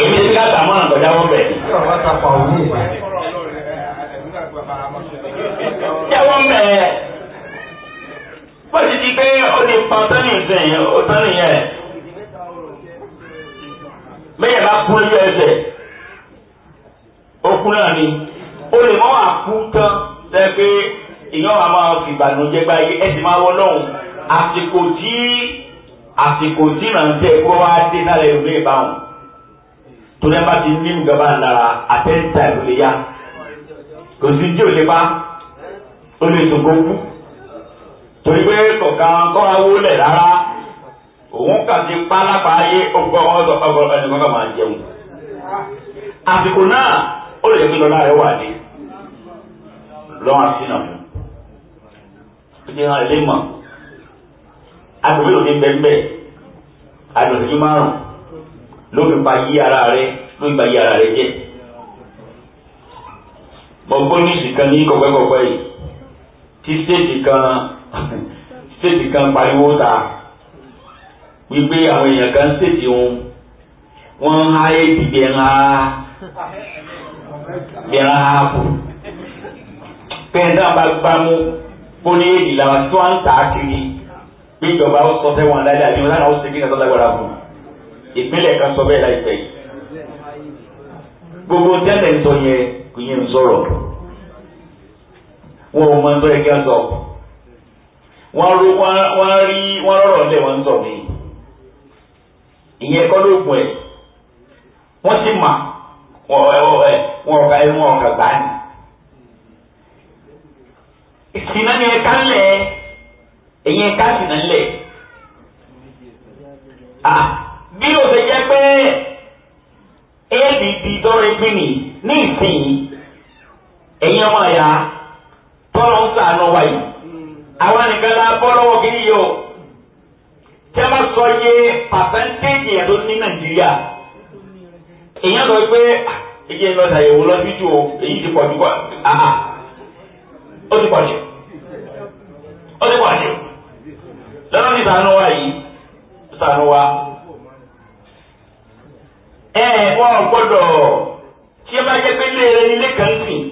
èmi ti ká tàmọ́ nà gbọ̀dá wọn bẹ̀. jẹ́wọ́ mẹ́ bó ti di pé ó ní pọn tán ní ìsìn ó tán nìyẹn bẹ́ẹ̀ bá kú lójú ẹsẹ̀ ó kú náà ni ó lè mọ́ àkú tán tẹ́ pé èèyàn máa fi ìbànújẹ́ gbáyé ẹ máa wọ lọ́hùn àsìkò tí àsìkò tí ìrànṣẹ́ kó wá dé sálẹ̀ ìlú ìbáwọn tó ní bá ti ní nǹkan bá ń lára àtẹ́ńtà ìlú lè yá kò sí tí ò lè bá ó lè sòkò kú torí pé kọ̀ọ̀kan kọ́ awó lẹ̀ rárá òun kà ti pa lápáyé ọgbọ ọgbọ ọgbọ ẹnìkan kan máa jẹun àsìkò náà ó lè jẹ́ lọ́la rẹ̀ wà dé lọ́wọ́n àti sínà fún ó ti hàn ilé mọ̀ adùn mélòó ní bẹ́ẹ̀ adùn ìṣẹ́jú márùn ló fi pa yí ara rẹ ló fi pa yí ara rẹ jẹ gbọ̀ngbọ́n ní ìsìnkan ní kọ̀pẹ́kọ̀pẹ́ yìí tí stéètì kan stéètì kan pariwo ta wípé àwọn èèyàn kan stéètì wọn wọ́n ń ha éèdì bí ẹran ha bí ẹran ha kù pẹ́ẹ́ntà bá gbámú ó ní làwọn tí ń tà kiri pé ìjọba ó sọ sẹ́wọ̀n dáadáa bí wọn náà ó ṣe kí nǹkan tó lágbára fún ìpínlẹ̀ kan sọ bẹ́ẹ̀ láìpẹ́ yìí gbogbo tẹ́lẹ̀ ń sọ yẹn kò yẹn ń sọ̀rọ̀ wọn ò mọ ń sọ̀rọ̀ kí wọ́n sọ wọ́n rí wọ́n rọ̀rọ̀ lẹ̀ wọ́n ń sọ mí ìyẹn kọ́ ló gùn ẹ̀ wọ́n ti mà wọ́n ọ̀gá ẹ̀ wọ́n ọ̀gá gbá ni ìsìn náà ni ẹ̀ kálẹ̀ ẹ̀. èyí káàsì náà lẹ̀ ah, bí o ṣe jẹ́ pé ní ìsìn ẹ̀yin ọmọ ẹ̀yà tọ́lọ̀ ń sàánú àwọn nìkan bọ́ lọ́wọ́ kiri yìí o tí a bá sọ iye pàṣẹ́ntéèjì yẹn ní nàìjíríà pé èyí ah, lọ o èyí ti pọ̀ jù ah, ó ti pọ̀ jù ó ti pọ̀ lọ́dọ̀ ti sànú wa yìí sànú wa. ẹ ẹ wọn gbọ́dọ̀ tí ẹ bá jẹ pé ilé rẹ nílé kan sìn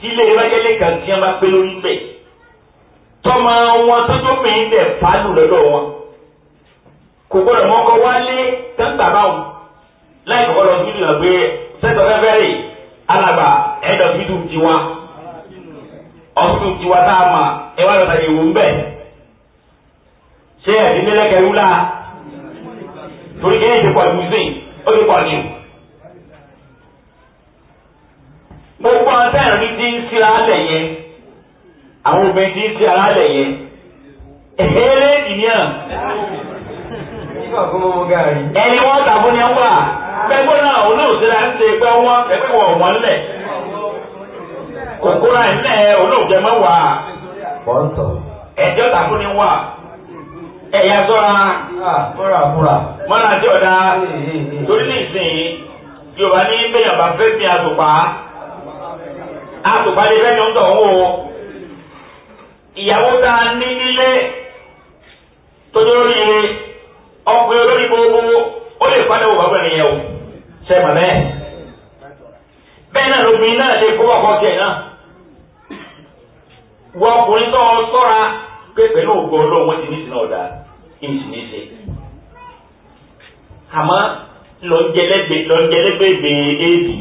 tí ilé rẹ bá jẹ ilé kan tí ẹ bá pé lórí bẹ tọmọ wọn tọjọ mìíràn dẹ fàálù lọ́dọ̀ wọn kò gbọ́dọ̀ mọkọ wálé tẹńtà báwọn láì kọ́kọ́ lọ sí ìlànà pé sẹtọ fẹfẹrẹ alàgbà ẹdọ fídù tiwa ọfíìsì tiwa tá a mà ẹ wá lọ tàyè ń bẹ. ṣé ẹ̀mí la torí kí ni ti pọ̀ ó ti pọ̀ ní. gbogbo ọ̀tá ti ń sí alẹ̀ yẹn àwọn obìnrin ti ń sí alẹ̀ yẹn ẹ̀hẹ́rẹ́ ìníyàn. ẹni wọ́n ni wọ́n wà gbẹ́gbẹ́ náà olóòtú la ń ṣe pé wọ́n ẹgbẹ́ wọ̀ wọ́n lẹ̀ òkúra ẹ̀ wa. olóòtú ẹ̀ mọ́ wà. ni ẹ̀yà sọ́ra ah, mọ́nà àti ọ̀dà torí nìsín yorùbá ní bẹ́yàn bá fẹ́ sin àtùpà àtùpà lè fẹ́yàn tọ̀ ń ìyàwó tá ní nílé tójú lórí ọkùnrin olórí gbogbo ó lè o ṣe mọ̀ bẹ́ẹ̀ bẹ́ẹ̀ náà lóbìnrin náà lè kó tiẹ̀ náà wọ ọkùnrin tó sọ́ra pé ìsìnìṣe àmọ́ lọ́njẹlẹ́gbẹ̀ lọ́njẹlẹ́gbẹ̀ gbé éèdì yìí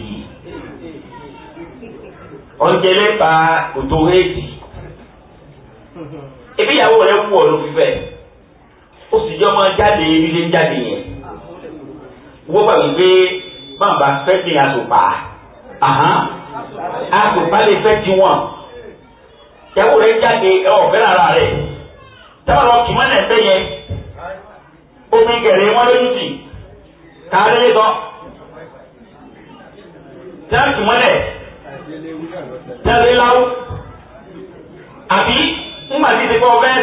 ọ̀njẹlẹ́gbà òtò éèdì ebi ìyàwó rẹ̀ wù ọ́ ló fi fẹ́ ó sì jọ máa jáde nílé ń jáde yẹn wọ́n bá mi gbé bàbá fẹ́ fi àtùpà àtùpà lè fẹ́ tiwọn ìyàwó rẹ̀ jáde ọ̀fẹ́ rárá rẹ̀ táwọn ọkì mọ́lẹ̀ fẹ́ yẹn. omi gẹ̀rẹ́ wọn lójú tì tá a lè sọ. Jáàsì mọ́lẹ̀ jáde láwù àbí ńgbà tí ti kọ́ ọ̀fẹ́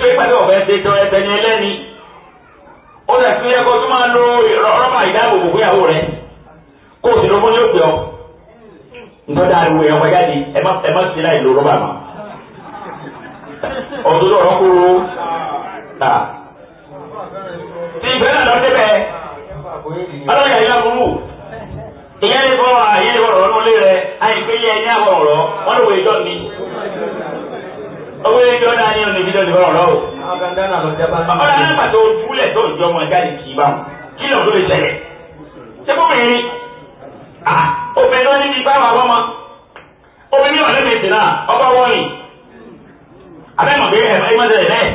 tó ìpàdé ọ̀fẹ́ ṣe tó ẹlẹ́ni ó lè fi o sì lọ́mọ yóò ọ ntọ́jà ariwo yẹn wáyà ni ẹ má ẹ ìgbẹ́ náà lọ́dẹ bẹ́ẹ̀. ọlọ́run yàrá burú ìyá lè fọwọ́ àyè lè wọ̀rọ̀ ọdún lé rẹ àyìnpé yẹ ẹni àwọn ọ̀rọ̀ wọn lè wọ ìjọ mi. owó ìjọ náà ní ọ̀nà ìbílẹ̀ ìfọ̀rọ̀ lọ́wọ́. ọ̀rọ̀ náà pàtó ojúlẹ̀ tó ìjọ wọn jáde kì í bá wọn kí lọ tó lè ṣẹlẹ̀. ṣé fún mi rí obìnrin náà níbi ìbá wa bọ́mọ obìnrin náà lè fèsì náà ọgbà wọ́ọ̀nì abẹ́mọ̀ pé ẹ̀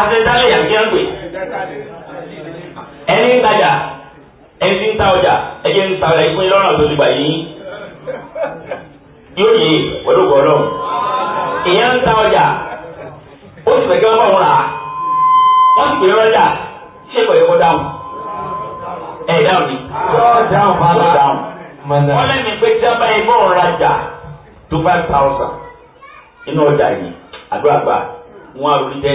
afẹ́ntálẹ̀ yàn kí á ń pè. ẹni ń tajà ẹni tí ń ta ọjà ẹjẹ ń ta ọjà ìpín lọ́rùn tó ti gbà yìí yóò yé pẹ̀lú bọ̀ọ̀lọ́ ìyẹn ń ta ọjà ó sì fẹ́ kí wọ́n bá wọn rà á wọ́n sì pè é rọ́jà ṣé kò yẹ kó dáhùn ẹ̀ dáhùn ni. dáhùn bá dáhùn. wọ́n lẹ́nu pé dábàá yẹn bọ́ ọ̀rọ̀ ajá tó bá ta ọ̀sà inú ọjà yìí àdúrà gbà wọ́n á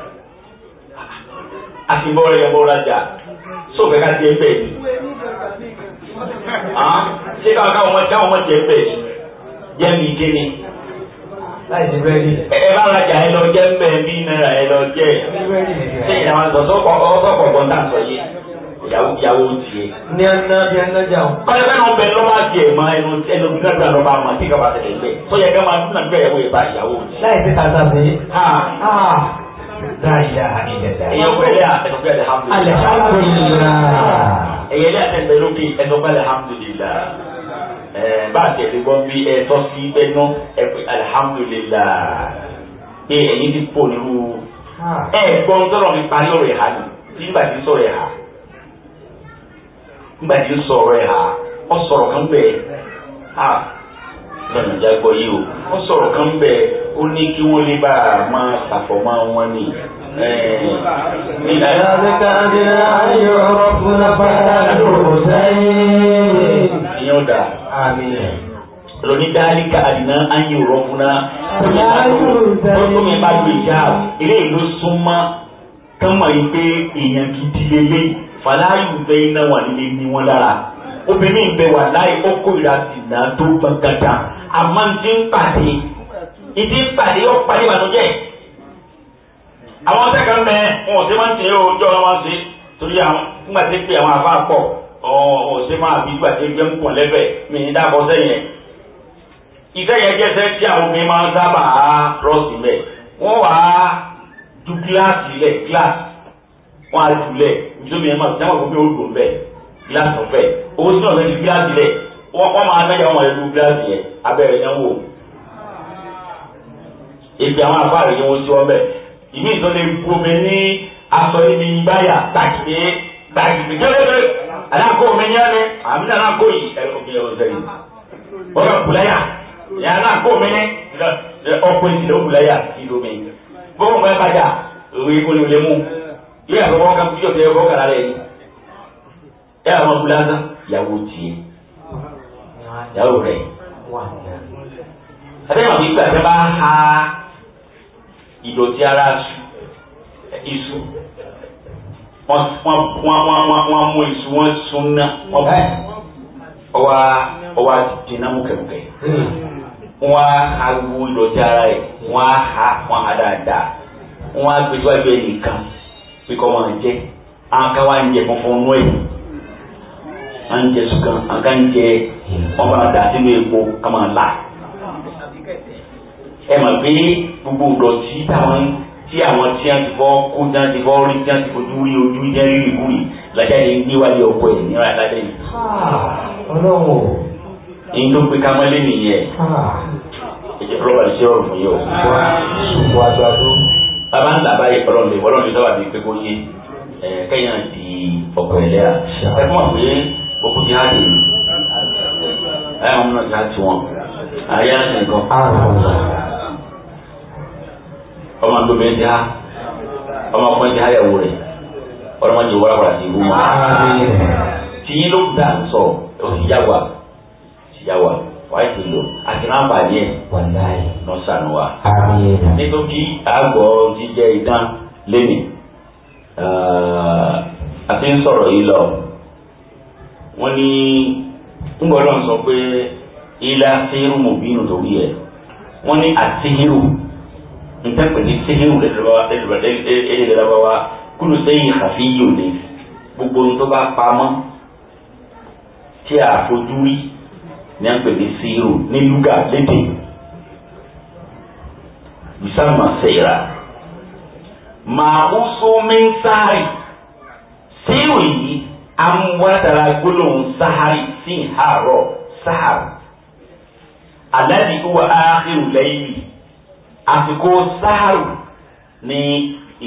àti bọ́ọ̀rẹ́ yẹn bọ́ọ̀rẹ́ jà sófẹ́ ká tiẹ̀ bẹ́ẹ̀ ni. Ah? Ah? ṣé káwọn káwọn káwọn wọn tiẹ̀ bẹ́ẹ̀ ni jẹ́ mi kéde. ẹ bá ra jà ẹ lọ jẹ́ bẹ́ẹ̀ bí náírà ẹ lọ jẹ́ ṣé ìyàwó àtọ̀sọ́ ọ̀sọ̀kọ̀ bọ̀ náà sọ yé ìyàwó ìyàwó tiẹ̀. ní aná bí aná jà o. báyọ̀ bẹ́ẹ̀ náà bẹ̀rẹ̀ lọ́ba tiẹ̀ mọ ẹnu ẹnu bí náà bẹ̀rẹ̀ lọ́ba mọ̀ tí kaba tẹ̀lé bẹ́ẹ̀ sọ yẹ kẹ́ máa dúnà bẹ́ẹ̀ wọ ìbá ìyàwó láì sí kàtà sí. Ah. la ilaha illallah. èèyàn kò ẹlẹ́yà a. alihamdulilayi. alihamdulilayi. ẹ̀yẹlẹ́ àtẹ̀gbẹ́ lókè ẹ̀dọ̀gbẹ́ a tẹ̀lé gbọ́ bí ẹ tọ́ sí ẹnu ẹ pé alihamdulilayi. pé ẹ̀yin ti pò nínú. ẹ gbọ́n tọ́lọ̀ lọ́nà jágbọ́ yìí o ó sọ̀rọ̀ kan bẹ́ẹ̀ ó ní kí wọ́n lè bá a máa ṣàfọ̀mọ́ wọn ni. ìdáyàbíkà àdínà ayé ọ̀rọ̀ fúnra fàdà lóko sẹ́yìn. ìyẹn ò dà lóní dáríkà àdínà ayé ọ̀rọ̀ fúnra gómìnà bá lu ìjà ilé ìlú súnmọ́ kán mọ̀ yìí pé èèyàn gidi lélẹ́yìn fàlàyé bẹ́ iná wà nílé ní wọn lára obìnrin bẹ wà láì ó kó ìrasì tó gbàgàdà àmọ́ ní ti ń pàdé ní ti ń pàdé yóò pàdé ìbànújẹ́ àwọn ọ̀sẹ̀ kan bẹ wọn ò sí máa ń ṣe o jọ wọn ṣe torí àwọn nígbà tí pé àwọn àfa pọ̀ ọ̀ ṣe máa bí ìgbà tí gbẹ́ ń pọ̀ lẹ́fẹ̀ẹ́ mi ní dábọ̀ sẹ́yìn iṣẹ́ yẹn jẹ́sẹ́ tí àwọn obìnrin máa ń sábà rọ́ọ̀sì mẹ́ wọ́n wá ju gíláàsì lẹ̀ gíláàsì wọ́n á jù lẹ̀ nítorí ẹ̀ máa ṣe àwọn obìnrin ó dùn bẹ́ẹ̀ gíláàsì ọ̀fẹ́ owó sí ọ̀sẹ̀ ju gíláàsì lẹ̀ wọ́n máa nájà wọn lójú gíláàsì yẹn abẹ́rẹ́ yẹn wò èpè àwọn afáàrí yẹn wọ́n sí wọn bẹ́ẹ̀ ìmí ìtọ́lẹ̀ gbomi ní aṣọ níbi gbáyà tàkìdé tàkìdé gẹ́gẹ́ aláǹkó omi ní ẹni àmì ní aláǹkó yìí ẹ̀rọ mi ò sẹ́yìn wọ́n kà kùláyà ní aláǹkó omi ní ọkùnrin sì ló kùláyà sí lómi gbogbo nǹkan bàjá òwe olè olè mú yíyà lọ́wọ́ kan bí yóò fẹ́ fọ́ kàrà rẹ̀ yìí ẹ̀ ìyàwó rẹ̀ wà ní àná. àbẹ́yẹ̀wò nígbà tí a bá ha ìdọ̀tí ara iṣu wọ́n wọ́n wọ́n wọ́n wọ́n mú iṣu wọ́n sun náà wọ́n bá ọwọ́ ọwọ́ dínà múkẹ́múkẹ́ hmm. wọ́n á wo ìdọ̀tí ara rẹ̀ wọ́n á ha wọ́n á dáadáa wọ́n á gbẹjọ́ ẹgbẹ́ nìkan pé kọ́ wọn jẹ́ àwọn kan wá ń jẹ funfun nú ẹ̀ à ń jẹ sùkàn à ká ń jẹ ọba àdá sínú epo ká máa là ẹ mà pé gbogbo ìdọ̀tí táwọn tí àwọn tí wọ́n ti fọ́ kó tí wọ́n ti fọ́ rí tí wọ́n ti fojú rí ojú jẹ́ rí ìkú rí làjáde ń gbéwájú ọkọ ẹ̀ níwájú àdájọ́ yìí. ọlọ́wọ́. èyí tó pe kámọ́lé nìyẹn ìjẹ ọlọ́ba ìṣe ọ̀rọ̀ fún yóò. ṣùgbọ́n àgbàdo. bàbá ń là báyìí ọlọ́run lè wọ́n lọ́run lè dábàá bíi pé kó yé kẹ́yìn àti ọ̀pọ̀ ẹ̀lẹ́ra. ẹ fún àwọn pé gbogbo ti hajj ya ẹ na náà ti hajj wọn ayé hajj nìkan ọmọ àgbẹ̀bẹ̀ ha ọma ọkùnrin ti ha yẹ̀wò rẹ̀ ọlọ́mọdé wọ́n wọ́n àti ìwú mọ́ wàá ti lò àti náà wa nítorí àgọ́ jíjẹ idán wọ́n ní ńgbọ́dọ̀ sọ pé ilá síhírù mòbínú lórí ẹ̀ wọ́n ní àtíhírù ntẹ́pẹ̀ ní síhírù lẹ́dọ̀lọ́wọ́ kúlù sẹ́yìn kàfíyò ní gbogbo ohun tó bá pamọ́ tí a fojú rí ní à ń pè ní síhírù ní lúgà lédè bisáàmà sẹ́yìrà màá ń so mí ń sáré síhírù amúwátara gbólóhùn sahari sí ìhàárọ̀ sahar aládìí wà áhìrù lẹ́yìn àsìkò saharu ní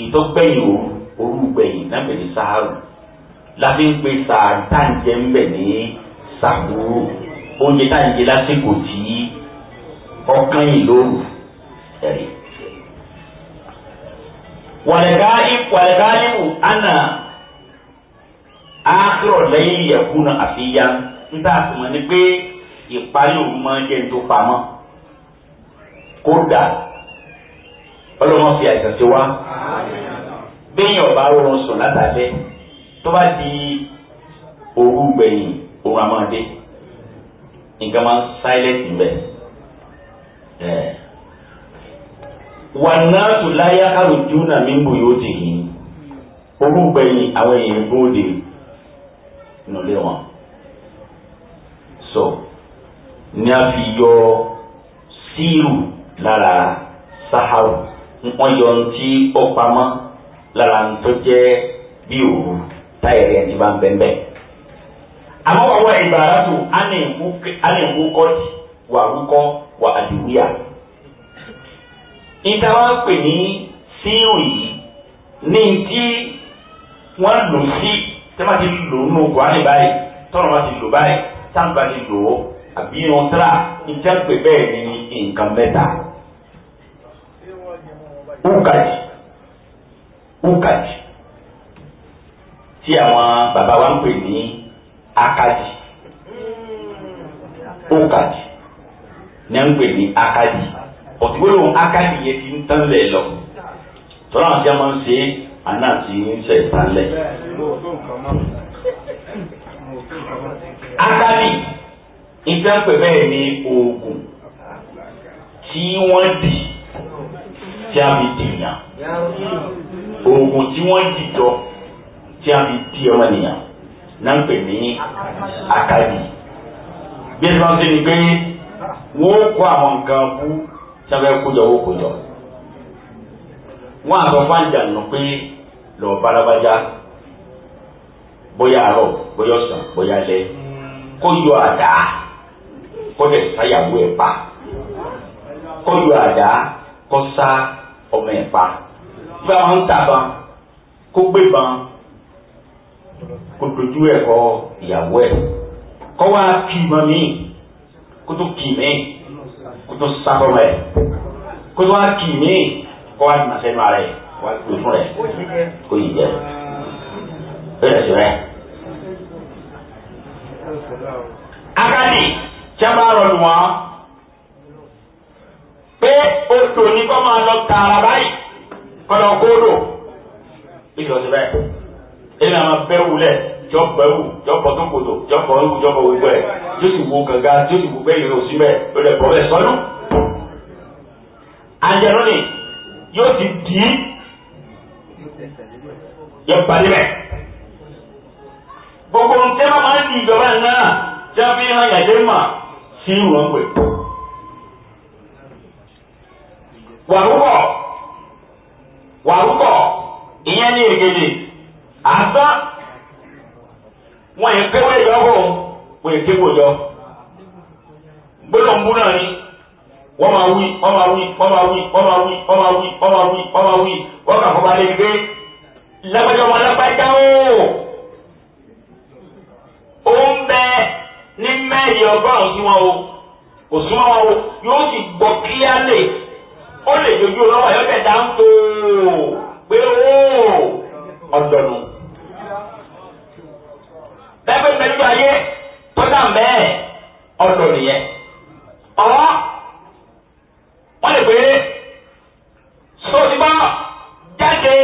ìtọ́gbẹ̀yìn òru òru gbẹ̀yìn náà pè ní saharu láti ń pe sàtáǹjẹ́ ń bẹ̀ ní sàbúrò oúnjẹ táǹjẹ́ lásìkò tí ọkàn ìlóru ẹ̀rí. wàlẹ̀ká ìwù àná ákírọ̀ lẹ́yìn ìyẹ̀kúnà àfihàn ń tà sùnmọ́ ni pé ìparí òun máa ń jẹ́ ní tó pamọ́ kódà ọlọ́mọ fi àìsàn ṣe wá bẹ́yìn ọ̀bá oorun sùn látàlẹ́ tó bá di òru gbẹ̀yìn òun àmọ́dé nǹkan máa ń sáílẹ̀tì bẹ́ẹ̀ wànàtù láyà àrùjúnà mímú yóò ti yìí orúgbẹ̀yìn àwọn èèyàn bóde nínú ilé wọn so ní a fi yọ síìrù lára saharu wọn yọ ntí ọpamọ lára ntọ jẹ bí òru táyẹrì ẹni bá ń bẹ ń bẹ àmọ́ wàá wọ wà rúkọ wà àdìwíyà níta wá pè ní síìrù yìí ní ti wọ́n lò sí tẹ́lẹ̀ ti lò ó nù kwari báyìí tọ́lọ̀ bá ti lò báyìí táǹbà ti lò ó àbí irun tíra ìjẹ́ pé bẹ́ẹ̀ ni nǹkan mẹ́ta. Ukaji Ukaji tí àwọn bàbá wa ń pè ní Akaji Ukaji ní à ń pè ní Akaji ọ̀tíwọ́lò Akaji yẹn ti ń tán lẹ̀ lọ tọ́lá àwọn a máa ń ṣe é àná àti ń sẹ̀ sálẹ̀. ákàbì ìjàpẹ̀ bẹ́ẹ̀ ni oògùn tí wọ́n dì tí a fi dìyàn oògùn tí wọ́n dì jọ tí a fi di ọmọ nìyàn náà ń pè ní ákàbì bí ẹ bá ń sẹ́ni pé wọ́n kó àwọn nǹkan bú sábẹ́ kójọ owó kójọ wọ́n àtọ́ fáńjà nù pé lọ balabaja bóyá àárọ̀ bóyá ọ̀sán bóyá lẹ kó yọ àdá kó lè sáyàwó ẹ̀ pa kó yọ àdá kó sá ọmọ ẹ̀ pa bá wọn ń tàbá kó gbé ban kó dojú ẹ̀ kọ ìyàwó ẹ̀ kó wá kì í mi kó tó kì kó tó sábọ̀ mọ́ kó tó wá kì kó wá nà sẹ́nu ara lójú rẹ̀ kó yìí jẹ́ bẹ́ẹ̀ sí rẹ̀. akadi tí a bá rọlù wọn pé odò ní kọ́ máa lọ tààrà báyìí kọ́ lọ kó odò ìjọ sí bẹ́ẹ̀ èyí àwọn bẹ́ẹ̀ wulẹ̀ jọ bẹ́ẹ̀ wù jọ bọ́ tó kòtò jọ bọ́ wù jọ bọ́ gbogbo ẹ̀ sì wo gàgà yóò sì wo bẹ́ẹ̀ yìí lọ sí bẹ́ẹ̀ lọ́dẹ̀ bọ́ bẹ́ẹ̀ sọ́nù. àjẹrò ni yóò ti dì í. yọ gbà níbẹ̀. gbogbo nǹkan bá máa ń di ìjọba náà tí wọ́n fi hàn mà sí wọn pè. Wàrúkọ, wàrúkọ, wà rúbọ̀ ìyẹn ní ègèdè àtọ́ wọn yẹn wọn yẹn wọ́n máa wí wọ́n máa wí wọ́n máa wí wọ́n máa wí wọ́n máa wí wọ́n máa wí wọ́n máa wí wọ́n kà fọba lé gbé lágbájá ọmọ lágbájá o ó ń bẹ ní mẹ́rin ọgọ́rùn-ún sí wọn o kò súnmọ́ wọn o yóò sì gbọ́ kílíálè ó lè dojú lọ́wọ́ ayọ́kẹ́ta ń fò pé o ọ̀dọ̀nù bẹ́ẹ̀ pé pẹ̀lú ayé tọ́jà mẹ́ẹ̀ ọ̀dọ̀ nìyẹn ọ̀rọ̀ wọ́n lè pé sọ́sibọ́ jáde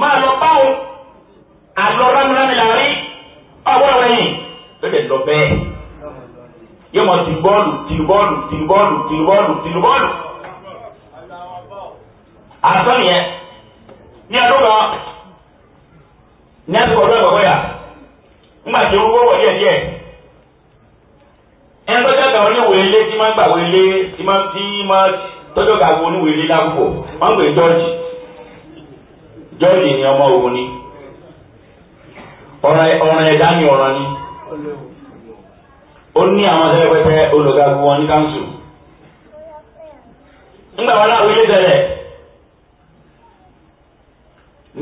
máa lọ báwọn àlọ́ rámúrámì láàrin ọgbọ́n wẹ̀yìn ló lè lọ bẹ́ẹ̀ yóò mọ tìlú bọ́ọ̀lù tìlú bọ́ọ̀lù tìlú bọ́ọ̀lù tìlú bọ́ọ̀lù tìlú bọ́ọ̀lù. àtọ́ nìyẹn ní ọdún kan ní àsìkò ọdún ẹ̀kọ́ yà ńgbà tí ó wó tí máa tí máa tọ́jọ́ ga wo oníwèé lé lápò máa ń pè jọ́ọ̀jì jọ́ọ̀jì ni ọmọ òun ni ọ̀ràn ẹ̀dá ni ọ̀ràn ni ó ní àwọn ẹgbẹ́tẹ́ olùgbàgbọ́ wọn ní káńsù ńgbà wọn láwọn ilé tẹ̀lẹ̀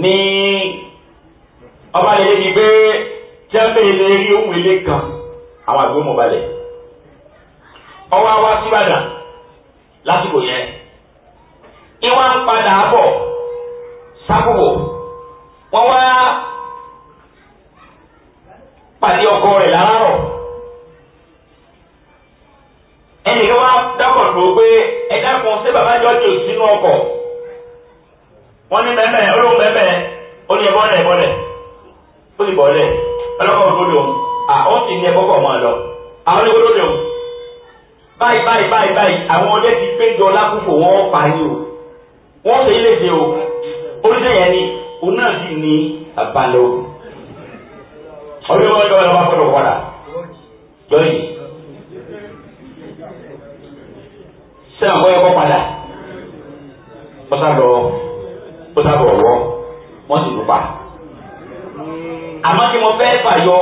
ní ọba lè di pé tẹ́lẹ̀ lè rí ohun ilé kan àwọn àgbẹ̀ mọ̀balẹ̀ ọwọ́ wa síbàdàn. lásìkò yẹn iwa ń padà bọ̀ sákòwò wọn wá pàdé ọkọ rẹ̀ láràárọ̀ ẹnìkan wá dákọ̀ tó pé ẹ dákun ṣé bàbá jọ jò sínú ọkọ̀ wọn ní mẹ́mẹ́ olóhùn mẹ́mẹ́ ó ní báyìí báyìí báyìí báyìí àwọn ọdẹ ti péjọ lákòókò wọn pa yín o wọn ṣe ilé ṣe o oníṣẹ́ yẹn ni òun náà sì ní àbálẹ̀ òkú ọdún wọn lọ́wọ́ lọ́wọ́ fọdọ̀ padà lọ́yìn sẹ́wọ̀n kọ́ yẹ kọ́ padà bọ́sà lọ bọ́sà bọ̀ wọ́ wọ́n sì lù pa àmọ́ kí wọ́n fẹ́ fàyọ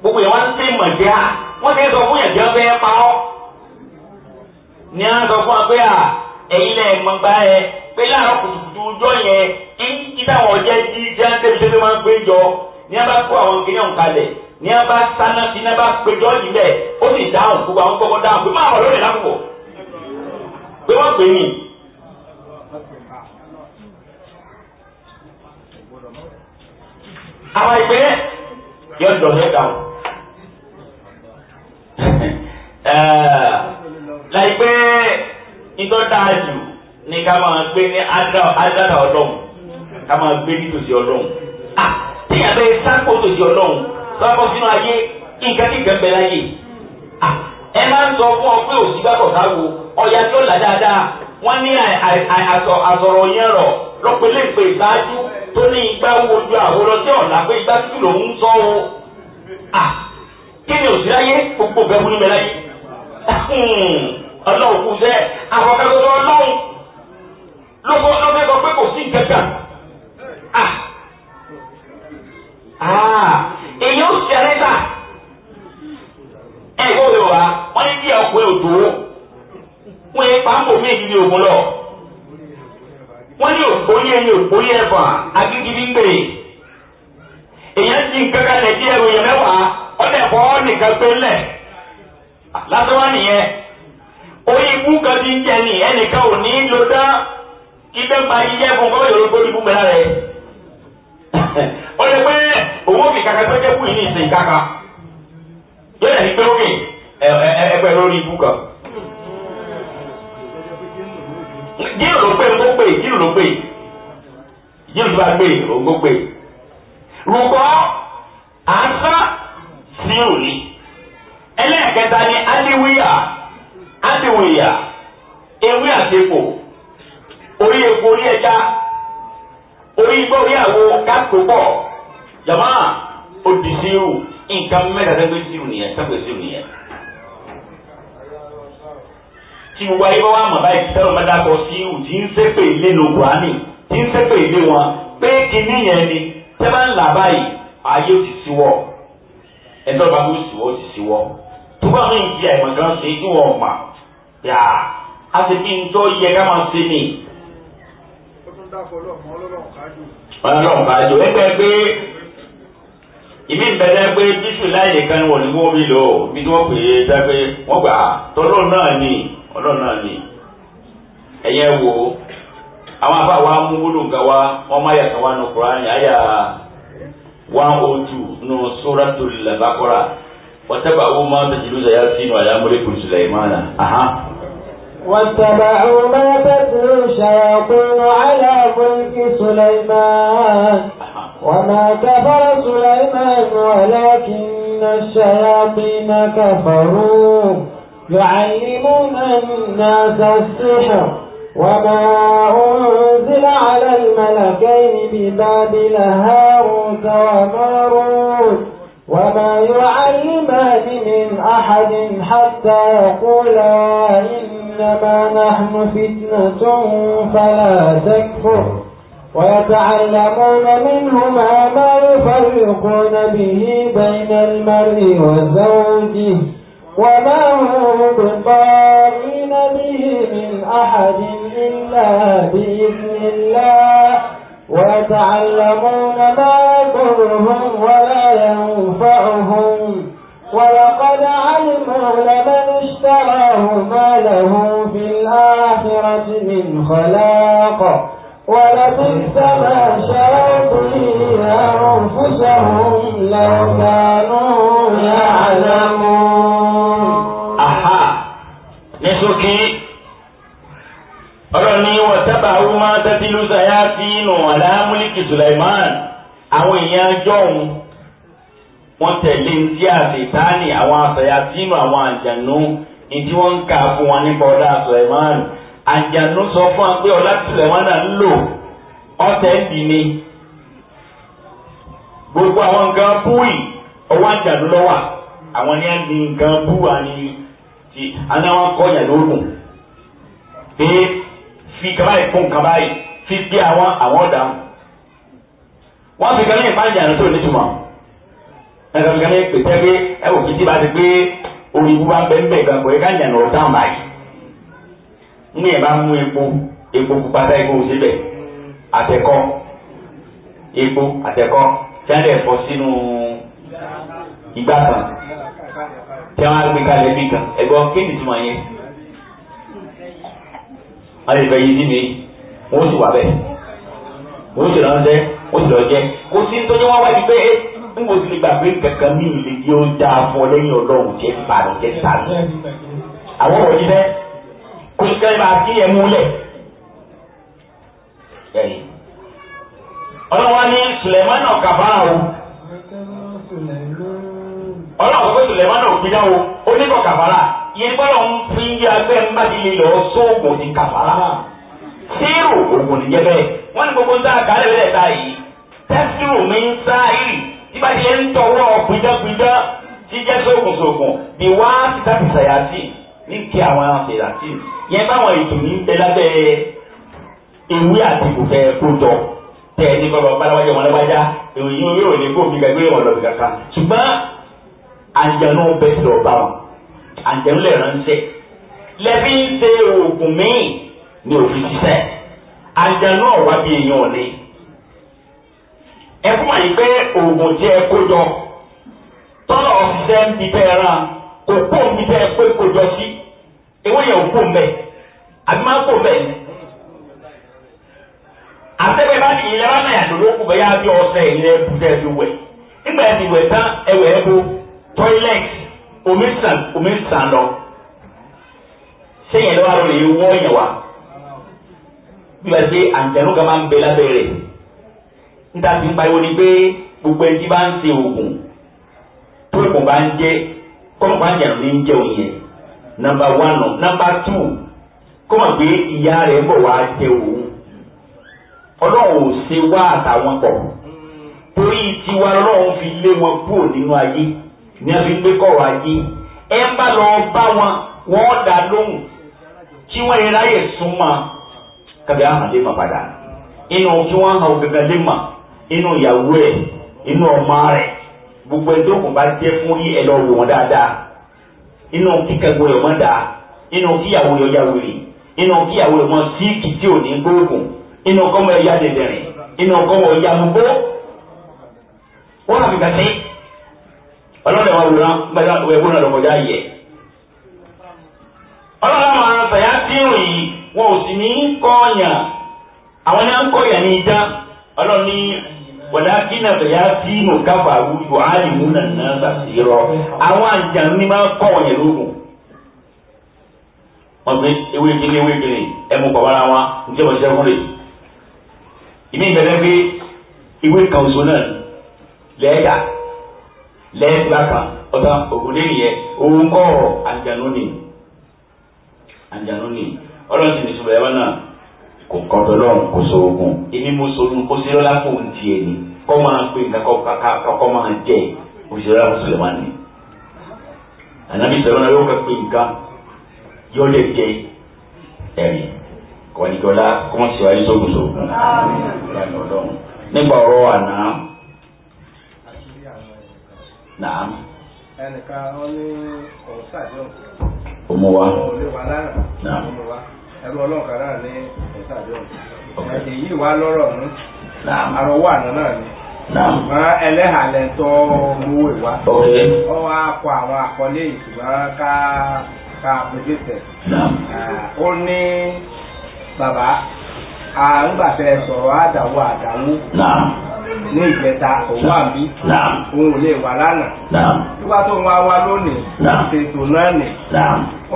gbogbo yẹn wọ́n ń tẹ́ ìmọ̀ jẹ́ à wọ́n ti sọ fún yẹn jẹ́ fẹ́ pa ọ́ ní a sọ fún wa à ẹ̀yin lẹ̀ gbọ̀ngbà ẹ pé láàárọ̀ kùtùkùtù ọjọ́ yẹn kí táwọn ọjẹ́ tí tí a ń tẹ́bi tẹ́bi máa ń pé jọ ní a bá kó àwọn kìnìún kalẹ̀ ní a bá sáná sí ní a bá péjọ yìí lẹ̀ ó sì dáhùn gbogbo àwọn kọ́kọ́ dáhùn pé máa wà lórí lápò pé wọ́n pè mí. àwọn ìpínlẹ̀ yóò dọ̀ yóò dáhùn. láì pé nítorí dáa ni ká máa gbé ní ádára ọlọ́run ká máa gbé nítòsí ọlọ́run. tí téèyàn bẹ sáko tòsí ọlọ́run sọ́kọ́ sínú ayé nǹkan kíkan láyè. ẹ máa ń sọ fún ọ pé òsì gbàgbọ́ sáwo ọ̀yà là dáadáa wọ́n ní yẹn rọ̀ tó ní igbá ọ̀la pé ọlọ́run kú bẹ́ẹ̀ àfọkàtọ́tọ́ ọlọ́run lóko lóko sọ pé kò sí ìjẹta. Ah. Ah. èyí ó ṣe ẹlẹ́ta ẹ̀kọ́ rẹ̀ wá wọ́n ní díẹ̀ ọkùnrin ò dúró wọ́n yẹ pàápọ̀ mí èyí ní ògùn lọ. wọ́n ní òpórí ẹni òpórí ẹ̀fà agídí gbèrè. èyàn ti nǹkan kan lẹ̀ díẹ̀ ròyìn mẹ́wàá ọ̀dẹ̀kọ́ nìkan pé ńlẹ̀ lásán wá nìyẹn orí ibú kan ti ń jẹ ni ẹnìkan ò ní lo dá kí dọ́gba jíjẹ fún kọ́ yòrò gbórí ibú mẹ́ra rẹ̀ ó lè pé owó mi kàkà tó jẹ́ kú yìí ní ìsìn kàkà yóò dẹ̀ ní pé ókè ẹgbẹ́ lórí ibú kan. jíìlù ló pé ńgbó pé jíìlù ló pé jíìlù ló bá gbé òǹgbó pé rúkọ àṣà sí òní ẹlẹ́ẹ̀kẹta ni aliwiya ádìwìyà ewé àtẹ̀pọ̀ orí epo orí ẹja orí igbó orí àwo káàkó pọ̀ jàmá odìsíru nǹkan mẹ́ta sẹ́gbẹ́ síru nìyẹn sẹ́gbẹ́ síru nìyẹn. tí wọ́n ayé bá wà mọ̀ báyìí sẹ́wọ̀n bá dàpọ̀ síru tí ń sẹ́pẹ̀ ilé nu buhari tí ń sẹ́pẹ̀ ilé wọn pé kínní yẹn ni tẹ́ bá ń là báyìí ayé ò ti síwọ́ ẹ̀ńtọ́ bá ń síwọ́ ó ti síwọ́ tó bá ń yí àìmọ̀kan ṣe é kí wọ́n mọ̀ yaa á ti fi ń tọ́ yẹ ká máa ni. ó tún dáko ọlọ́mọ ọlọ́run kájú. ọlọ́run kájú ẹgbẹ́ pé ìmí ìbẹ̀rẹ̀ pé láyè kan ní wọ́n lò ó bí wọ́n pè wa mú wúlò wa má yàtọ̀ wa nù àyà nù wọ́n máa tẹ̀síwájú sínú àyà واتبعوا ما تتلو الشياطين على ملك سليمان وما كفر سليمان ولكن الشياطين كفروا يعلمون الناس السحر وما أنزل على الملكين ببابل لهاروت وماروت وما يعلمان من أحد حتى يقولا إنما نحن فتنة فلا تكفر ويتعلمون منهما ما يفرقون به بين المرء وزوجه وما هم بطارين به من أحد إلا بإذن الله ويتعلمون ما يضرهم ولا ينفعهم ولقد علموا لمن تراه ما له في الآخرة من خلاق ولبئس ما شرطوا أنفسهم لو كانوا يعلمون أها نسكي ọlọ́ni wọ̀tẹ́bàáwú máa tẹ́tílú sayáàtì nù aláàmúlìkì Sulaiman àwọn èèyàn ajọ́ òun wọ́n tẹ̀lé ń tí àṣetáni àwọn àṣàyàtì nù àwọn àjànú ìdí wọn ń kà á fún wọn nípa ọlá Suleiman àjànú sọ fún wa pé ọlá Suleiman náà ń lò ọ̀tẹ̀ ń dì ní gbogbo àwọn nǹkan búì ọwọ́ àjànú lọ́wọ́ àwọn ní àdì nǹkan búù àní ti àná wọn kọyàn lóògùn pé fi kaba yìí fún kaba yìí fi gbé àwọn àwọn ọ̀dà wọn fi kan ní ìpàdé àná tó nítumọ̀ ẹ̀ka fi kan ní pèsè pé ẹ wò kí tí bá ti pé orí ibú bá ń bẹ́ẹ̀ bẹ́ẹ̀ gbàgbọ́ ẹ̀ká ìyànà ọ̀dáhùn báyìí ní ẹ̀ bá mú epo epo pátá epo ò síbẹ̀ àtẹ̀kọ́ epo àtẹ̀kọ́ tí wọ́n dẹ̀ fọ́ sínú igbá kan tí wọ́n á gbé kalẹ̀ bí kan ẹ̀gbọ́n kí ni ìtumọ̀ yẹn wọ́n lè fẹ́ yí sí mi wọ́n sì wà bẹ́ẹ̀ wọ́n sì lọ́n jẹ́ wọ́n sì lọ́ jẹ́ kò sí ní wọ́n wá di pé n kò sì lè gbà pé kankan mi lè jẹ́ ó dáa fún ọ lẹ́yìn ọlọ́run jẹ́ sànù jẹ́ sànù. àwọn ọ̀rọ̀ yìí bẹ́ kó ṣe kẹ́rin máa kí ẹ múlẹ̀. ọlọ́wọ́n ní Sùlẹ̀mánà kàfárà o. ọlọ́wọ́n pé Sùlẹ̀mánà ò gbìyà o ó ní kọ́ kàfárà yẹn bọ́lá ń fi yí agbẹ́ mbàdí lọ sóògùn ní kàfárà. sírò ògùn nìyẹn bẹ́ẹ̀ wọ́n ní gbogbo ń sá àkàlẹ̀ nígbà tí ń tọwọ́ gbìdángbìdán jíjẹ́ sóògùn sóògùn bí wá sítáàtì sàyàtì ní kí àwọn sàyàtì yẹn báwọn ètò ní bẹ lábẹ́ ewé àti ìbùfẹ́ kójọ tẹ ní bàbá balabajẹ wọn labajà ìròyìn orí òní kó mi gbàgbé wọn lọ kankan ṣùgbọ́n àjẹnú bẹ ti lọ bá wọn àjẹnú lè ránṣẹ́ lẹ́bí ń ṣe oògùn míì ní òfin ṣiṣẹ́ àjẹnú ọ̀wá bí èèyàn ò ní ẹ kú mọ̀ yìí pé oògùn tí ẹ kó jọ tọ́lọ̀ ọ̀ṣiṣẹ́ ń bi tẹ́ ẹ rán kò kó ń bi tẹ́ ẹ pé kó jọ sí ewé yẹn ò kó mbẹ àbí máa ń kó mbẹ ni àtẹ́gbẹ́ bá ní ìlera náà yàtọ̀ ló kù bẹ́yà bí ọ̀sẹ̀ ìlẹ̀ bùtẹ́ fi wẹ̀ nígbà yẹn ti wẹ̀ tán ẹwẹ̀ ẹ bo toilet omi sàn omi sàn lọ sẹ́yìn lọ́wọ́ àrò lè wọ́ yẹn wa bí wàá gbé àǹtẹ̀nù kan máa ń bẹ lábẹ́rẹ́ níta sì ń pariwo ni pé gbogbo ẹni tí bá ń ṣe oògùn tó oògùn bá ń jẹ kọ́mọ̀ bá ń jẹ àrùn ní ń jẹ òun yẹn nọ́mbà wán nọ nọ́mbà tù kọ́mọ̀ pé ìyá rẹ̀ ń bọ̀ wá jẹ òun ọlọ́run ò ṣe wá àtàwọn pọ̀ torí tiwa ọlọ́run fi lé wọn kúrò nínú ayé ní a fi gbé kọ̀rọ̀ ayé ẹ ń bá lọ bá wọn wọn dá lóhùn kí wọ́n yẹ láyè súnmọ́ kàbí àhàn lè padà inú kí wọ́n hàn òkèkè inú ìyàwó ẹ̀ inú ọmọ rẹ̀ gbogbo ẹjọ́ kò bá jẹ́ fún yí ẹ wò wọ́n dáadáa inú kíkẹ́gbọ́ rẹ̀ wọ́n dáa inú kíyàwó rẹ̀ ya wèrè inú kíyàwó rẹ̀ wọ́n síìkì tí ò gbóògùn inú kọ́mọ ẹ̀ ya dẹ̀dẹ̀rìn inú kọ́mọ ẹ̀ ya mugbó wọ́n fi kàtí ọlọ́dẹ̀ wọn wòran gbẹ́dá ọ̀wẹ́ gbóná lọ́kọjá yẹ ọlọ́dẹ̀ wọn sàyà ọlọ́run ní ya bẹ̀yà tí mo káfà wúlò áàlìmú nàná sàṣì rọ àwọn àjànú ni máa kọọ kọ́ wọ̀nyẹn lóògùn wọ́n fi ewé kiri ewé kiri ẹ̀mú ara wọn ní tí ṣe fún ìmí ìbẹ̀rẹ̀ pé ìwé kan oṣù náà ọ̀tá ògùnlé nìyẹn òun kọ́ àjànú ni àjànú ni ọlọ́run kò kọ́tọ́ lọ́run kò so ogun èmi mo so ogun kó sílẹ̀ lápò ń tiẹ̀ ni kọ́ máa pè nǹkan kọ́ kàkà kọ́ máa jẹ òṣèré lápò sílẹ̀ máa ní. ànábì sọ̀rọ̀ náà yóò kọ́ pé nǹkan yóò lè jẹ ẹ̀rí kọ́nìkọ́lá kọ́ máa ṣèwádìí sóògùn sóògùn láàrin ọlọ́run. nípa ọ̀rọ̀ àná nàá. ẹnìkan ó ní òun ṣàdéhùn. òmùwa. òmùwa náà. òmùwa. ẹrú ọlọ́ọ̀kan náà ní ẹ̀sà àdéhùn èyí wà lọ́rọ̀ mú náà ni ṣùgbọ́n mú ìwà ọ wá kọ àwọn àkọlé ká ká tẹ̀ ó ní bàbá àǹgbàfẹ́ sọ̀rọ̀ àdàwó àdàwó ní ìjẹta òun àbí òun ò lè wà lánàá nígbà tó ń wá wá lónìí ṣètò náà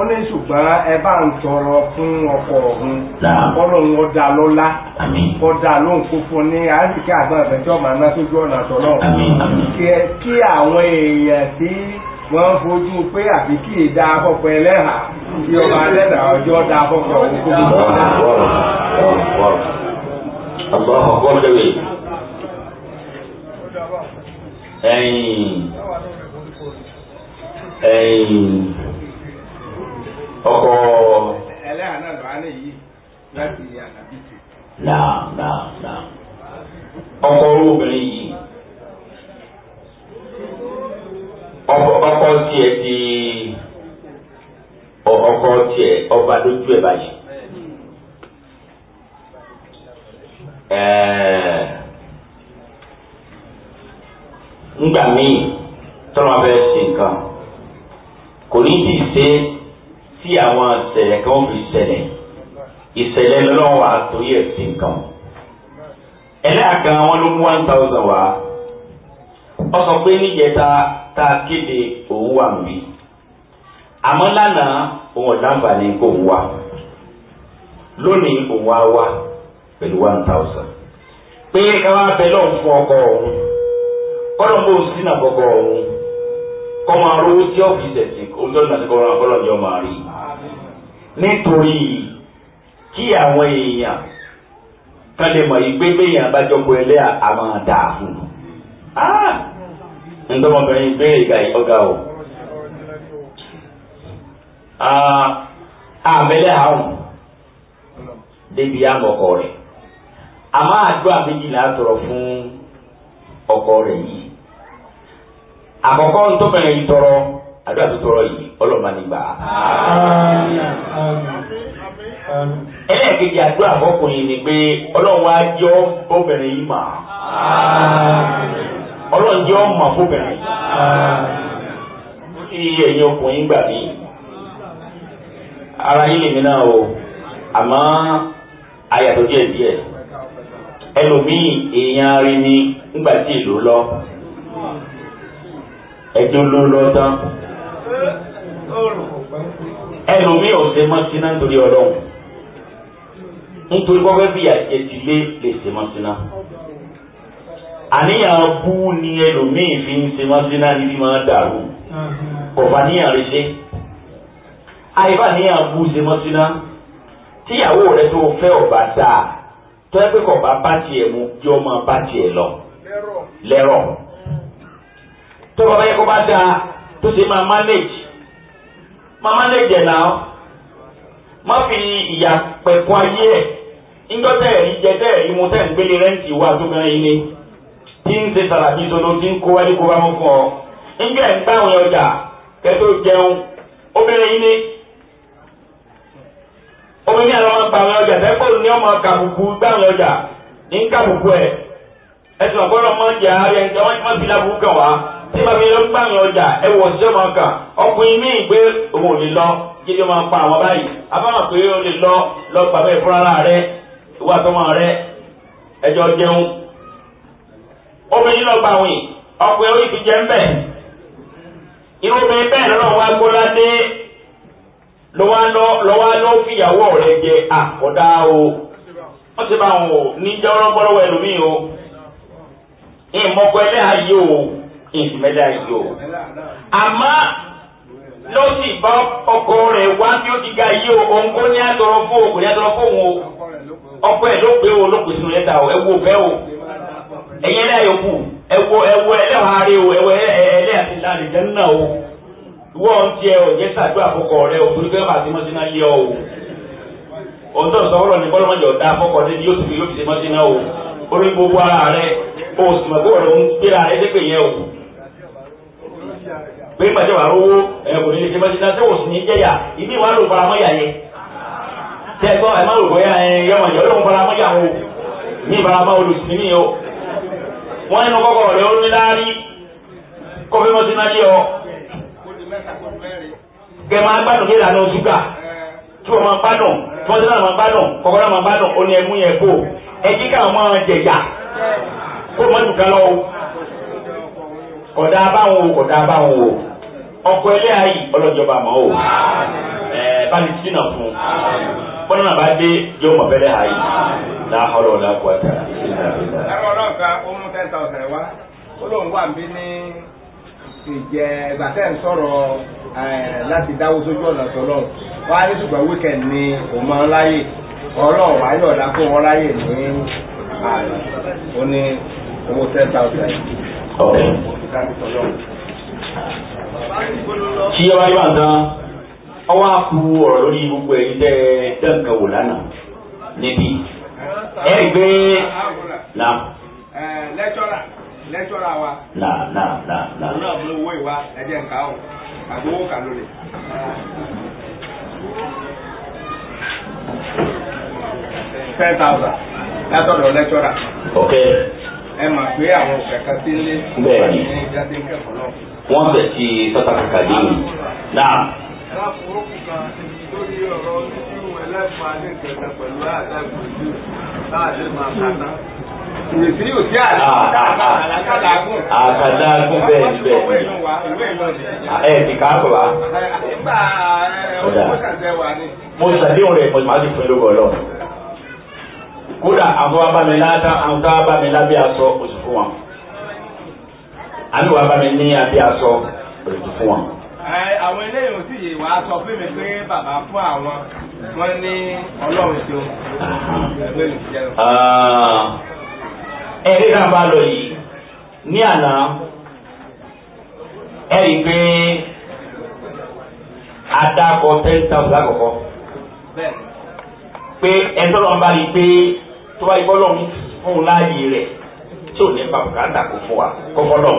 ó ní ṣùgbọ́n ẹ bá ń tọrọ fún ọkọ ọ̀hún ọlọ́run ọ̀dà lọ́lá ọ̀dà lóhùn fúnfun ní àríkí àgbọn ìfẹ́jọ́ màá ná sójú ọ̀nà àtọ̀nà kí àwọn èèyàn tí wọ́n fojú pé àbí kí ìdá afọ́pọ̀ ẹlẹ́hà kí ọba ọjọ́ dá ọ̀hún fún mi. ọkọ̀ ẹlẹ́hàná lọ́hánà yìí láti ànàbí ti. obìnrin yìí ọkọ̀ tiẹ̀ ti ọkọ̀ tiẹ̀ ọba lójú ẹ̀ báyìí. míì bẹ́ẹ̀ ṣe tí àwọn ìṣẹ̀lẹ̀ kan fi ṣẹlẹ̀ ìṣẹ̀lẹ̀ lọ́wọ́ wa torí ẹ̀ sí nǹkan ẹlẹ́àkan wọn ló mú one thousand wá ọ sọ pé níjẹta tá a kéde òun wà mí àmọ́ lánàá òun ọ̀dàǹfààní kò ń wà lónìí òun á wá pẹ̀lú one thousand pé káwá bẹ lọ́hùn fún ọkọ òun kọ́nà bó sínú àkọ́kọ́ òun kọ́ máa rówó tí ọ́fíìsì ẹ̀sìn kó tó nàá sí kọ́ máa bọ́lọ̀ ní nítorí kí àwọn èèyàn kan lè mọ̀ yìí béèyàn bá jọ́kọ̀ ẹlẹ́yà àwọn àdáà ah! ntọ́mọbìnrin ìbéèrè ìgbà ọ̀gá o. Ah, àmẹ́lẹ́ àwọn débi àmọ̀kọ rẹ̀ àmọ́ àdúrà méjìlá tọrọ fún ọkọ rẹ̀ yìí. àkọ́kọ́ ntọ́mọbìnrin tọrọ. àdúrà tó tọrọ yìí ọlọ́mà nígbà. ẹlẹ́ẹ̀kejì àdúrà fọkùnrin ni pé ọlọ́run wá jọ bọ́bìnrin yìí mà ọlọ́run jọ mà fóbìnrin ọkùnrin gbà mí ara yín lèmi náà o àmọ́ àyàtọ̀ díẹ̀ díẹ̀ ẹlòmíì èèyàn ni tí lọ ẹjọ́ ló lọ tán. ẹnu mi ò ṣe mọ́ síná nítorí ọlọ́run nítorí kọ́kọ́ bí àjẹsílẹ̀ lè ṣe mọ́ síná àníyàn bú ni ẹlòmíì fi ń ṣe mọ́ síná ní fi máa dàrú kọ̀fà níyàn rí ṣe àyíká níyàn bú ṣe mọ́ síná tíyàwó rẹ tó fẹ́ ọ̀bà dáa tó yẹ pé kọ̀ọ̀bá bá tiẹ̀ mu kí ọmọ bá tiẹ̀ lọ lẹ́rọ̀ tó bá bá yẹ kó bá dáa tó ṣe máa manage mama lè jẹ náà má fi ìyà pẹ̀kún ayé ẹ̀ ńjọ́ tẹ̀ ẹ̀rí jẹ tẹ̀ ẹ̀rí mu tẹ̀ ń gbélé rẹ́ǹtì wà tó ni tí ń ṣe tí ń kó wáyé kó bá mú fún ọjà jẹun obìnrin ọmọ ọjà ní ọmọ kàbùkù ọjà ní kàbùkù ẹ̀ ẹ̀sìn ọ̀gbọ́n tí màmí ló ń ọjà ẹ wọ̀ sí kan ọkùnrin míì gbé òun ò lè lọ jíjẹ máa ń pa àwọn báyìí abáwọn pé ó lè lọ lọ fún ara rẹ ìwà àtọmọ rẹ ẹjọ jẹun obìnrin lọ gbàwìn ọkùnrin orí jẹ ń irú bẹ́ẹ̀ lọ́wọ́ ló fìyàwó jẹ o wọ́n ti bá wọn ò ìmẹ́lẹ̀ yìí o. àmọ́ ló sì bá ọkọ rẹ̀ wá bí ó ti ga yìí o òun kò ní àtọrọ fún òkò ní àtọrọ fún o ọkọ ẹ̀ ló pé o ló pè sínú lẹ́tà o ẹ wo o ẹ̀yẹ náà yóò ẹ wo ẹ wo ẹlẹ́wàá o ẹ wo ẹlẹ́ àti láàrin jẹ́ o ìwọ ń tiẹ̀ o jẹ́ sàdúrà rẹ o torí fẹ́ẹ́ bá ti ti mọ́ o o sì o. pé gbàjẹ́ wà rówó ẹ̀kọ́ nílé ṣe mọ́ṣẹ́ náà sẹ́wọ̀n sì ní jẹ́yà ìbí wàá lò faramọ́ yà yẹn tẹ́ ẹ gbọ́ ẹ má rò bóyá ẹ yọmọ ìyá olóhùn faramọ́ yà wọn ní ìfaramọ́ olùsìn ní o wọ́n nínú kọ́kọ́ rẹ̀ ó ní láárí kó fẹ́ mọ́ṣẹ́ náà yẹ ọ. máa gbádùn kí lànà ṣúgà tí wọ́n máa gbádùn tí wọ́n ti náà máa gbádùn kọ́kọ́ náà máa gbádùn ó ní ẹmú yẹn kó ẹ kí káwọn máa jẹ̀yà kó mọ́tò kọ̀dá báwọn wo kọ̀dá báwọn wo ọkọ̀ ilé ayé ọlọ́jọba àmọ́ o bá ní fún bọ́lá náà bá dé yóò mọ̀ fẹ́lẹ́ ayé láhọ́rọ̀ ọ̀làkùn àtà ìṣẹ̀lẹ̀ ẹ̀rọ ọlọ́ọ̀ka ó mú wá ó lóun wà ní ń sọ̀rọ̀ láti sójú ọ̀nà ní ṣùgbọ́n ni òun máa ń láyè ọlọ́run fún wọn láyè ní àná owó ok tí ẹ bá yọ àǹtán ọwọ́ àkú ọ̀rọ̀ lórí gbogbo ẹ̀yin tẹ́ dẹ́ǹkan wò lánàá níbí ẹ gbé na, lẹ́tọ́rà lẹ́tọ́rà wa. là là là là. òun náà mú owó ìwà ẹ̀jẹ̀ nǹkan o àgbowó kà ló lè. ten thousand látọ̀dọ̀ lẹ́tọ́rà. ok ẹ mọ̀ pé àwọn kẹ̀kẹ́ tí ń lé bẹ́ẹ̀ni wọ́n fẹ̀ sí sọ́tà kàkà dé mi náà. aláforúkú kan lórí ọ̀rọ̀ onírú ẹlẹ́fà ní pẹ̀lú àdàbò ojú láàdé máa kàná. ìrètí yóò sí àdáàgùn. Ah, ah. àkàdáàgùn bẹ́ẹ̀ ni bẹ́ẹ̀ ni ah, ẹ ti kà á wá. nígbà ọ̀dà mo ṣàdéhùn rẹ̀ mo máa ti fún lóko ọlọ́run kódà àwọn abamẹ́lá àwọn tá abamẹ́lá bí aṣọ òsì fún wọn àbí wàá bá mi ní abí aṣọ òsì fún wọn. àwọn eléyìí ò sì yè wá sọ fún mi pé bàbá fún àwọn wọn ní ọlọ́run tó ẹgbẹ́ mi jẹun. ẹ̀rí náà bá lọ yìí ní àná ẹ̀rí pé adakọ ten thousand lákọ̀ọ́kọ́ pé ẹ̀ńtọ́lọ́mbá rí pé tó bá yí bọ́lọ̀ mi fún un láàyè rẹ̀ tí ò ní pa bùkátà kò fún wa kọ́kọ́ náà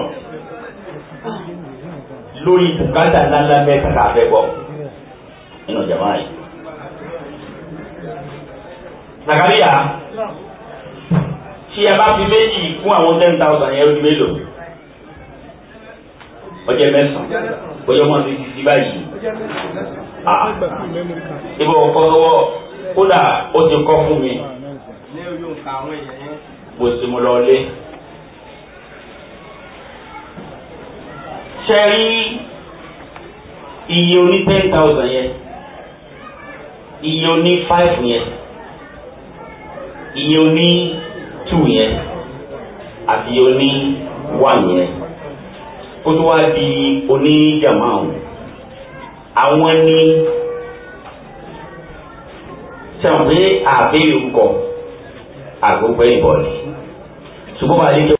lórí bùkátà ńláńlá mẹ́ta tá a fẹ́ bọ̀ nínú jàmáà yìí. Zakariya tí a bá fi méjì kún àwọn ten thousand yẹn lórí mélòó ọjọ́ mẹ́sàn-án bóyá wọn ti ti báyìí ah, ibò kọ́ lọ́wọ́ kódà ó ti kọ́ fún mi mo sì mú lọ lé. ṣe rí iye oní ten thousand yẹn iye oní five yẹn iye oní two yẹn àti iye oní one yẹn kó tó wá di oníjàmá o àwọn ní sẹ́wọ̀n pé àbẹ̀rẹ̀ àgbógbé ìbọ̀lì ṣùgbọ́n wà lẹ́jọ́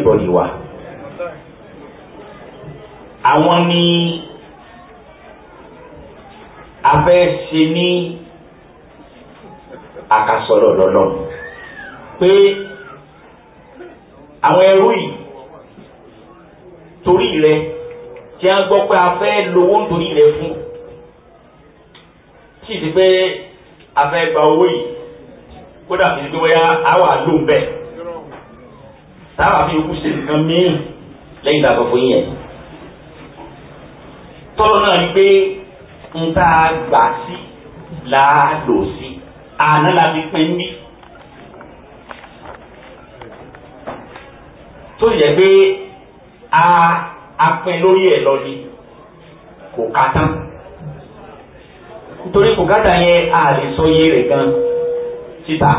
ìbọ̀lì wa àwọn ni a fẹ́ ṣe ní àkàsọ̀rọ̀ lọ́lọ́ pé àwọn ẹrú yìí torí rẹ tí a gbọ́ pé a fẹ́ lówó nítorí rẹ fún tí ì pé a fẹ́ gba owó yìí kódà kì í gbéwáyà àwa ló ń bẹ̀ táwa fi kú ṣe nǹkan míì lẹ́yìn ìdàgbọ́ fún yẹn tọ́lọ́ náà ń gbé ń tá gbà sí láàlò sí àná la fi pín mí. tó yẹ pé a apin lórí ẹ̀ lọ ni kò ká tán nítorí kò ká tán yẹn a lè sọ iye rẹ̀ gan síta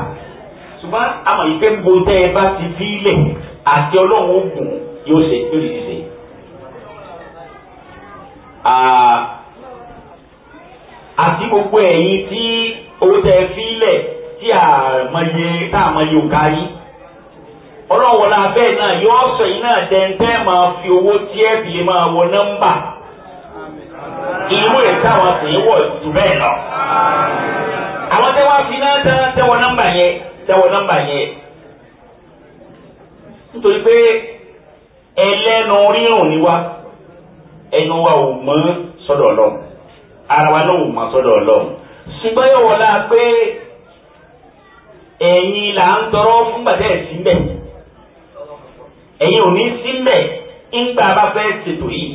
ṣùgbọ́n àmọ̀ yìí pé gbogbo tẹ́ ẹ bá ti fi ilẹ̀ àti ọlọ́run ògùn yóò ṣe yóò lè ṣe. àti gbogbo ẹ̀yin tí owó tẹ́ ẹ fi ilẹ̀ tí àmọye tá àmọye ò kárí ọlọ́run wọlé abẹ́ náà yóò sọ yìí náà dẹ́ntẹ́ máa fi owó tí ẹ fi máa wọ nọ́mbà irú ẹ̀ táwọn sì ń wọ̀ jù bẹ́ẹ̀ lọ àwọn tẹ́wọ́ afiná tẹ́wọ́ nọ́mbà yẹn tẹ́wọ́ nọ́mbà yẹn nítorí pé ẹlẹ́nu rírùn ni wá ẹnu wa ò mọ sọ́dọ̀ ọlọ́run ara wa náà ò mọ sọ́dọ̀ ọlọ́run ṣùgbọ́n yóò wọlé pé ẹ̀yin là ń tọrọ fún gbàtẹ́ ẹ̀sìn bẹ́ẹ̀ ẹ̀yin ò ní sí mbẹ̀ ńgbà bá fẹ́ ṣètò yìí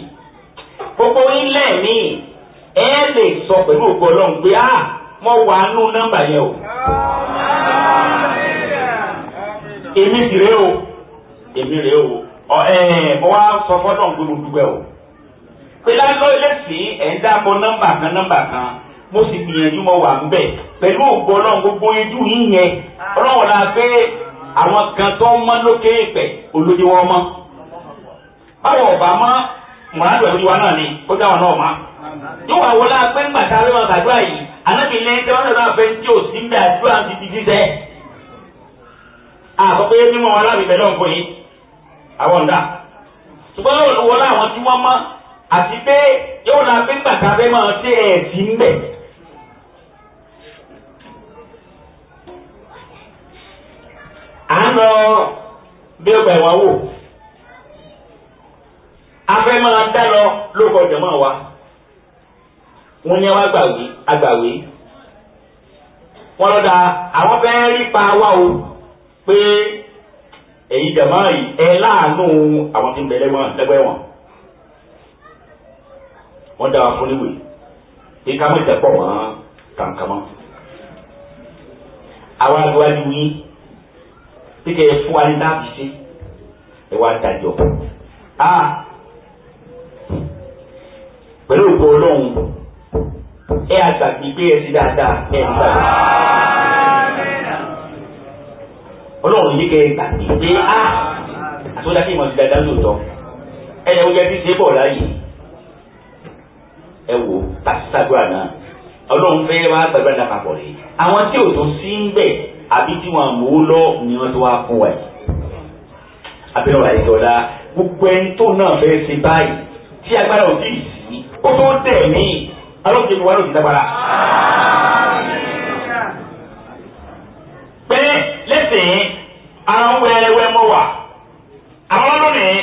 gbogbo yín lẹ́ẹ̀mí ẹ lè sọ pẹ̀lú ògbọ́lọ́n pé ah. mo wà nù nọ́mbà yẹn o. èmi sì rè o èmi rè o ọ ẹ ẹ wá sọ fọdọ̀ nǹkan mo dúpẹ́ o. pé lálọ́ lẹ́sìn ẹ̀ ń kan kan mo sì gbìyànjú wà pẹ̀lú gbogbo ojú yín yẹn pé àwọn kan tó ń lókè olójú wọn báwo ọ̀bà wa náà ni náà yóò anabi ní tẹ́ wọ́n sọ̀rọ̀ àfẹ́ tí ò sí ń bẹ àdúrà ti di jíṣẹ́ àkọ́kọ́ yẹ mímọ́ wọn láàbì bẹ́ẹ̀ náà ń kọ́ yìí àwọn ọ̀dà ṣùgbọ́n yóò wọ́n láwọn tí wọ́n mọ́ àti pé yóò la pé gbàtà bẹ́ẹ̀ máa ṣe ẹ̀ sí ń bẹ. à ń lọ bí ó bẹ̀ wá wò afẹ́ máa dá lọ lóko ọ̀jọ̀ máa wọ́n ní àwọn agbàwé agbàwé wọ́n lọ́dà àwọn fẹ́ rí pa wá o pé ẹ̀yin jàmá yìí ẹ láàánú àwọn tí ń bẹ lẹ́gbẹ̀ẹ́ lẹ́gbẹ̀ẹ́ wọn wọ́n dá wa fún níwèé pé ká má jẹ́ pọ̀ wọ́n kàǹkàmọ́ àwọn agbáwájú yín pé kẹ́ ẹ fún wa ní láti ṣe ẹ wá dájọ́ a ah! pẹ̀lú ògbó ọlọ́run ẹ àgbàgbé pé ẹ ṣe dáadáa ẹ ń gbà. ọlọ́run yìí kẹ́ ẹ gbàgbé pé a àtúndà kí ìmọ̀ ti dáadáa lóòótọ́ ẹ ẹ wọ́n jẹ́ bí ṣe bọ̀ láàyè ẹ wò tàṣàdúrà náà ọlọ́run fẹ́ wá gbàgbà náà papọ̀ rẹ̀ àwọn tí ò tó sí ń bẹ̀ àbí tí wọn mú lọ ni wọn ti wá fún wa yìí abẹ́rẹ́ wà lẹ́jọ́ la gbogbo ẹni tó náà fẹ́ ṣe báyìí tí agbára ò tí ó tó tẹ̀ míì alóòjì kò wá lóòjì lágbára. pé lẹ́sìn àwọn wẹ́rẹ́wẹ́ mọ̀ wà àwọn ọlọ́run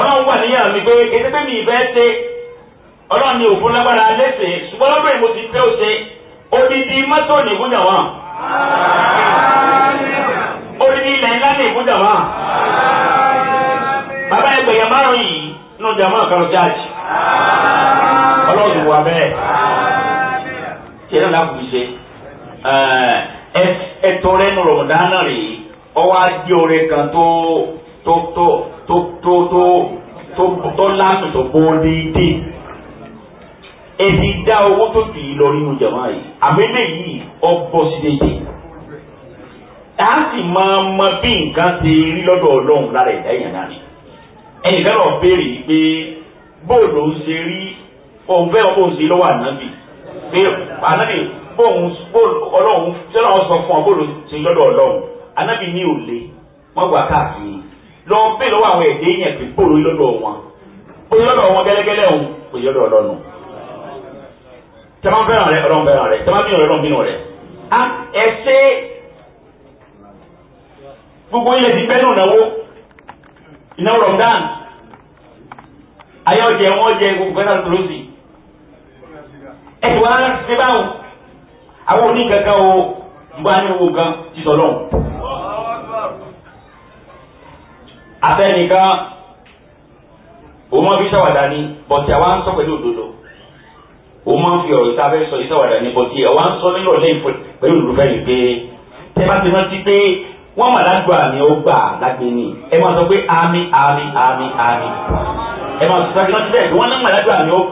ọlọ́run wà níyàn mi pé ẹgbẹ́ mi ìfẹ́ ṣe ọlọ́run ni òfin lágbára lẹ́sìn ṣùgbọ́n lọ́dún mo ti fẹ́ o ṣe odidi mọ́tò nìkúnyà wọn. odidi ilẹ̀ ńlá nìkúnyà wọn. bàbá ẹgbẹ̀yẹ márùn-ún yìí nù jàmọ́ kan jáde ọlọ́run wà bẹ́ẹ̀ tiẹ̀ náà lákùú ṣe ẹ̀tọ́ rẹ̀ nù rọ̀mọ̀dán náà rèé ọwọ́ ajé orin kan tó tó tó tó tó tó tó tó láàmì tó bó déédéé èsì dá owó tó tì í lọ nínú jàmáà yìí àmẹ́lẹ̀ yìí ọgbọ́ sí déédéé a sì máa mọ bí nǹkan ṣe rí lọ́dọ̀ ọlọ́run lára ẹ̀dá èèyàn náà ni ẹnìkan náà béèrè pé bóòlù ń ṣe rí òun fẹ́ràn bóun sí lọ́wọ́ ànábì pé ànábì bóun ọlọ́run sọ́nà wọn sọ fún ọ bóun sí lọ́dọ̀ ọlọ́run ànábì ní òle wọ́n wà káàkiri lọ bẹ́ lọ́wọ́ àwọn ẹ̀dẹ́ yẹn pé bóun lọ́dọ̀ wọn bóun lọ́dọ̀ wọn gẹ́lẹ́gẹ́lẹ́ òun kò yẹ lọ́dọ̀ ọlọ́run tẹ́wọ́n fẹ́ràn rẹ ọlọ́run fẹ́ràn rẹ tẹ́wọ́n bínú rẹ ọlọ́run bínú rẹ ẹ ṣe gbogbo ilẹ̀ ti bẹ́ẹ̀ nù náwó ìnáwó rọ̀mdán ayé ọ̀jẹ̀ wọn jẹ gbogbo fẹ́ràn lọ́sìn ẹ ti wá ṣe báwọn àwọn oníkankan o nbọ ní owó kan ti sọ lọ́hùn. afẹnikan òun máa fi ṣàwàdà ni bọ̀tì àwa ń sọ pẹ̀lú òdodo òun máa ń fi ọ̀rọ̀ ìta fẹ́ sọ ìṣàwàdà ni bọ̀tì àwa ń sọ nílò lẹ́yìn pẹ̀lú òdodo fẹ́ yìí pé tẹ́ bá ti rántí pé wọ́n mà ládùúgbò àmì ó gbà ẹ máa sọ pé àmì àmì àmì àmì ẹ máa sọ pé wọ́n náà mà ládùúgbò àmì ó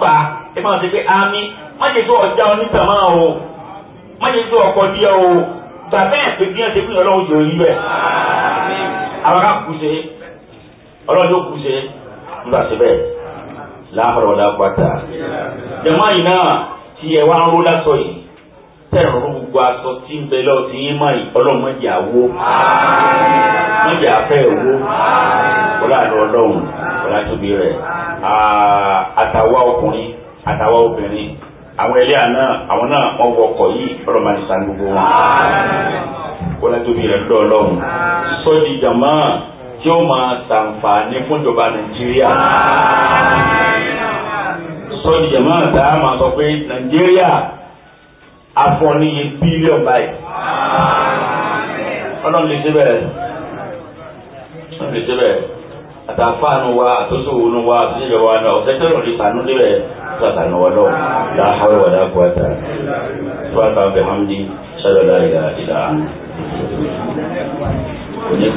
ẹ máa sọ pé àmì májèjọ ọjà onítàmá o májèjọ ọkọ díẹ̀ o bàbá ẹ̀ pé bí wọ́n ṣe fún ọlọ́run jòrí bẹ̀ àwọn ká kù ṣe ọlọ́run yóò kù ṣe nígbà síbẹ̀ láàárọ̀ lápáta jẹ̀mọ́ yìí náà tí ẹ wá ń ró lásọ yìí tẹ̀rù gbogbo aṣọ tí ń bẹ lọ́ọ̀ tí yín mọ̀ yìí ọlọ́run mọ̀ àwo mọ̀ afẹ́ òwò wọlé àlọ́ ọlọ́run wọlé rẹ̀ àtàwa ọkùnrin àtàwa obìnrin àwọn ẹlẹ́yà náà àwọn náà wọ́n wọ ọkọ̀ yìí ọlọ́run máa ti sa gbogbo wọn. kọ́lá tóbi rẹ̀ lọ́dọ̀ ọlọ́run sọ́ọ̀dì jàmá tí ó máa ṣàǹfààní fún nàìjíríà. sọ́ọ̀dì jàmá tá a máa sọ pé nàìjíríà afọ́niyè bílíọ̀nù báyìí. ọlọ́run lè débẹ̀ ọlọ́run lè débẹ̀ àtàfáànù wa àtúnṣòwònú wa àtúnṣèjọ wa náà ọ̀sẹ̀ tẹ́lẹ̀ òní sànú débẹ̀ sàtànù wa lọ láhàrú wa dákú àtà sọ́ọ̀tà bẹ̀ hàmdí ṣàlọ́lá ìlà ìlà òní